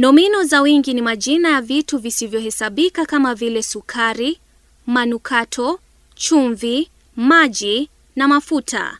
Nomino za wingi ni majina ya vitu visivyohesabika kama vile sukari, manukato, chumvi, maji na mafuta.